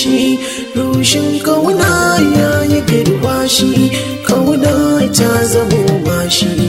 shi rushin kauna ya yi girwashi kauna ta zama bashi